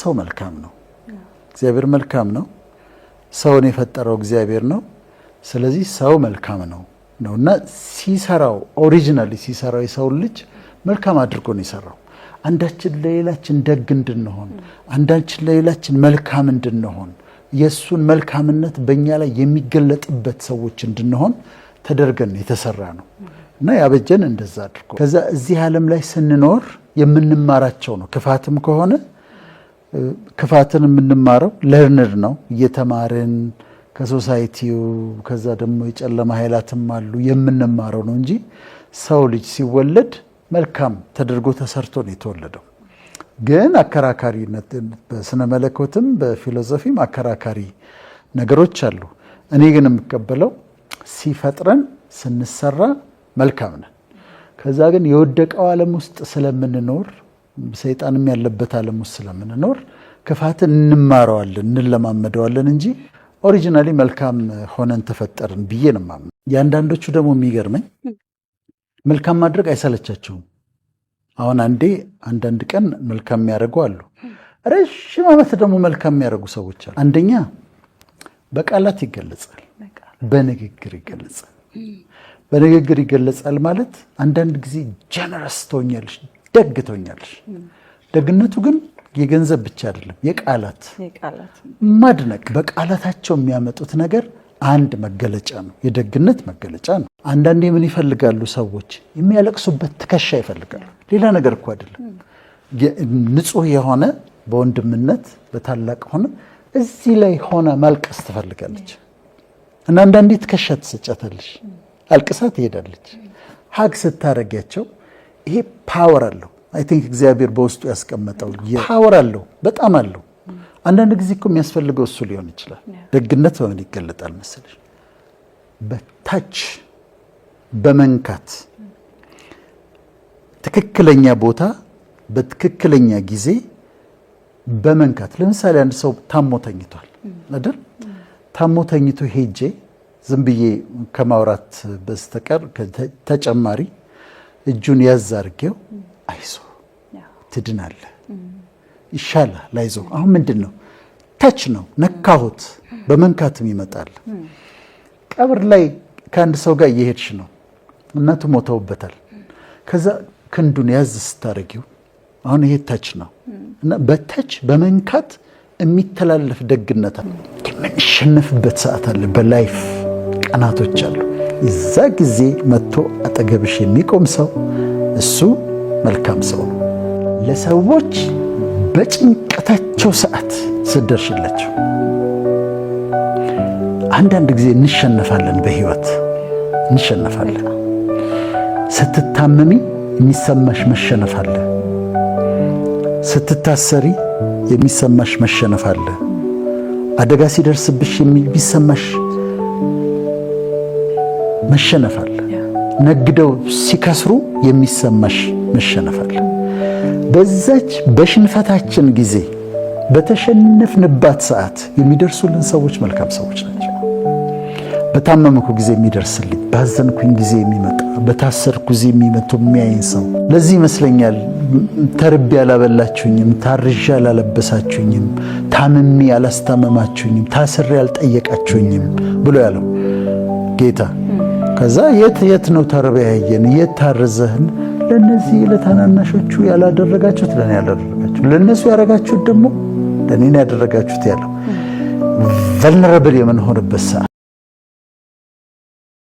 ሰው መልካም ነው። እግዚአብሔር መልካም ነው። ሰውን የፈጠረው እግዚአብሔር ነው። ስለዚህ ሰው መልካም ነው ነው እና ሲሰራው ኦሪጂናሊ ሲሰራው የሰውን ልጅ መልካም አድርጎ ነው የሰራው። አንዳችን ለሌላችን ደግ እንድንሆን፣ አንዳችን ለሌላችን መልካም እንድንሆን፣ የእሱን መልካምነት በእኛ ላይ የሚገለጥበት ሰዎች እንድንሆን ተደርገን የተሰራ ነው እና ያበጀን እንደዛ አድርጎ ከዛ እዚህ ዓለም ላይ ስንኖር የምንማራቸው ነው ክፋትም ከሆነ ክፋትን የምንማረው ለርንድ ነው እየተማርን ከሶሳይቲው ከዛ ደግሞ የጨለማ ኃይላትም አሉ የምንማረው ነው እንጂ ሰው ልጅ ሲወለድ መልካም ተደርጎ ተሰርቶ ነው የተወለደው። ግን አከራካሪነት በስነ መለኮትም በፊሎሶፊም አከራካሪ ነገሮች አሉ። እኔ ግን የምቀበለው ሲፈጥረን ስንሰራ መልካም ነን። ከዛ ግን የወደቀው ዓለም ውስጥ ስለምንኖር ሰይጣንም ያለበት ዓለም ውስጥ ስለምንኖር ክፋትን እንማረዋለን እንለማመደዋለን እንጂ ኦሪጂናሊ መልካም ሆነን ተፈጠርን ብዬ ነው ማምን። የአንዳንዶቹ ደግሞ የሚገርመኝ መልካም ማድረግ አይሰለቻቸውም። አሁን አንዴ አንዳንድ ቀን መልካም የሚያደርጉ አሉ፣ ረዥም ዓመት ደግሞ መልካም የሚያደርጉ ሰዎች አሉ። አንደኛ በቃላት ይገለጻል፣ በንግግር ይገለጻል። በንግግር ይገለጻል ማለት አንዳንድ ጊዜ ጀነረስ ትሆኛለሽ፣ ደግቶኛል። ደግነቱ ግን የገንዘብ ብቻ አይደለም፣ የቃላት ማድነቅ በቃላታቸው የሚያመጡት ነገር አንድ መገለጫ ነው፣ የደግነት መገለጫ ነው። አንዳንዴ ምን ይፈልጋሉ ሰዎች? የሚያለቅሱበት ትከሻ ይፈልጋሉ። ሌላ ነገር እኮ አይደለም። ንጹህ የሆነ በወንድምነት በታላቅ ሆነ እዚህ ላይ ሆና ማልቀስ ትፈልጋለች እና አንዳንዴ ትከሻ ትሰጫታለች፣ አልቅሳ ትሄዳለች። ሀግ ስታረጊያቸው ይሄ ፓወር አለው። አይ ቲንክ እግዚአብሔር በውስጡ ያስቀመጠው ፓወር አለው፣ በጣም አለው። አንዳንድ ጊዜ እኮ የሚያስፈልገው እሱ ሊሆን ይችላል። ደግነት በምን ይገለጣል መሰለሽ? በታች በመንካት ትክክለኛ ቦታ በትክክለኛ ጊዜ በመንካት። ለምሳሌ አንድ ሰው ታሞ ተኝቷል አይደል? ታሞ ተኝቶ ሄጄ ዝም ብዬ ከማውራት በስተቀር ተጨማሪ እጁን ያዝ አድርጌው አይዞ ትድናለ ይሻላል፣ ላይዞ አሁን ምንድን ነው ተች ነው ነካሁት፣ በመንካትም ይመጣል። ቀብር ላይ ከአንድ ሰው ጋር እየሄድሽ ነው፣ እናቱ ሞተውበታል። ከዛ ክንዱን ያዝ ስታደርጊው አሁን ይሄ ተች ነው እና በተች በመንካት የሚተላለፍ ደግነት የምንሸነፍበት ሰዓት አለ በላይፍ ቀናቶች አሉ። የዛ ጊዜ መጥቶ አጠገብሽ የሚቆም ሰው እሱ መልካም ሰው ነው። ለሰዎች በጭንቀታቸው ሰዓት ስደርሽላቸው። አንዳንድ ጊዜ እንሸነፋለን፣ በህይወት እንሸነፋለን። ስትታመሚ የሚሰማሽ መሸነፍ አለ። ስትታሰሪ የሚሰማሽ መሸነፍ አለ። አደጋ ሲደርስብሽ የሚሰማሽ መሸነፋል። ነግደው ሲከስሩ የሚሰማሽ መሸነፋል። በዛች በሽንፈታችን ጊዜ በተሸነፍንባት ሰዓት የሚደርሱልን ሰዎች መልካም ሰዎች ናቸው። በታመምኩ ጊዜ የሚደርስልኝ፣ ባዘንኩኝ ጊዜ የሚመጣ፣ በታሰርኩ ጊዜ የሚመጡ የሚያይን ሰው ለዚህ ይመስለኛል ተርቤ አላበላችሁኝም፣ ታርዣ አላለበሳችሁኝም፣ ታምሜ አላስታመማችሁኝም፣ ታስሬ አልጠየቃችሁኝም ብሎ ያለው ጌታ ከዛ የት የት ነው ተርበያየን የት ታርዘህን ለነዚህ ለታናናሾቹ ያላደረጋችሁት ለእኔ ያላደረጋችሁት ለእነሱ ያደረጋችሁት ደግሞ ለእኔን ያደረጋችሁት ያለው ቨልነረብል የምንሆንበት ሰዓት